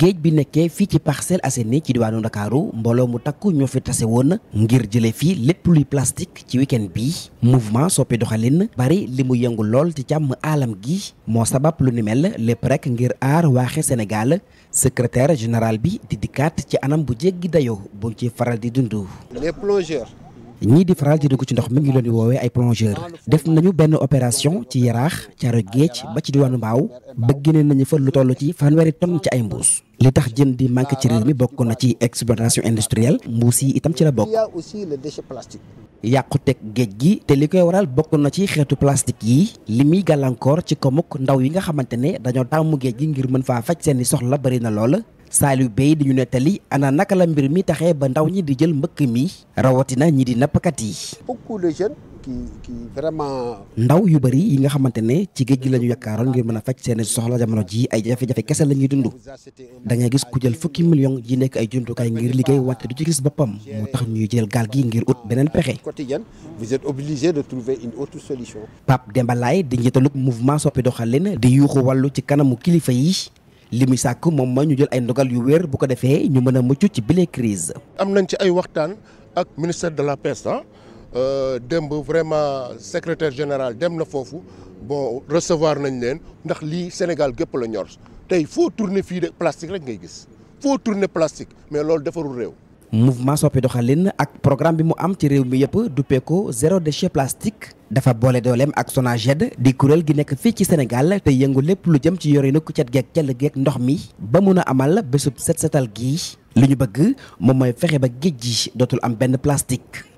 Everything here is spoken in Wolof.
géej bi nekkee fii ci Parcelles Assainies ci diwaanu Ndakaaru mbooloo mu takku ñoo fi tase woon ngir jële fii lépp luy plastique ci week-end bii mouvement soppi doxalin bari li mu yëngu lool ci càmm alam gi moo sabab lu ni mel lépp rek ngir aar waaxe Sénégal secrétaire général bi di dikkaat ci anam bu jéggi dayoo buñ ci faral di dund ñii di faral di dugg ci ndox mi ngi loon di woowee ay plongeur def nañu benn opération ci yaraax caaro géej ba ci diwaanu mbaaw ba génne nañu fa lu toll ci fanweeri tonn ci ay mbuus li tax jën di manqué ci réew mi bokk na ci exploitation industrielle mbuus yi itam ci la bokk yàquteg géej gi te li koy waral bokk na ci xeetu plastique yi li muy gàllankoor ci komuk ndaw yi nga xamante ne dañoo taamu géej gi ngir mën faa faj seeni soxla bari na lool taalibe yi dañu nettali ana naka la mbir mi taxee ba ndaw ñi di jël mbëkk mi rawatina ñi di nappkat yi. beaucoup vraiment. ndaw yu bëri yi nga xamante ne ci géej gi la ñu yaakaaroon ngir mën a faj seen soxla jamono ji ay jafe-jafe kese la ñuy dund da ngay gis ku jël fukki million yi nekk ay jumtukaay ngir liggéey wante du ci gis boppam moo tax ñuy jël gaal gi ngir ut beneen pexe. quotidien vous êtes obligé de trouver solution. Pape Demba Laye di njiitalug mouvement soppi doxalin di yuuxu wàllu ci kanamu kilifa yi. li muy sàkk moom ma ñu jël ay ndogal yu wér bu ko defee ñu mën a mucc ci bile crise am nañ ci ay waxtaan ak ministère de la pêche ah euh, démb vraiment secretaire général dem na foofu bon recevoir nañ leen ndax lii Sénégal gépp la ñor tey foo tourner fii de plastique rek ngay gis foo tourner plastique mais loolu defarul réew mouvement soppi doxalin ak programme bi mu am ci réew mi yëpp duppee ko zéro déchet plastique dafa boole dooleem ak SONAGED di kuréel gi nekk fii ci Sénégal te yëngu lépp lu jëm ci yorinu ku cet geeg cell geeg ndox mi ba mun a amal bésub set setal gi li ñu bëgg moom mooy fexe ba géej gi dootul am benn plastique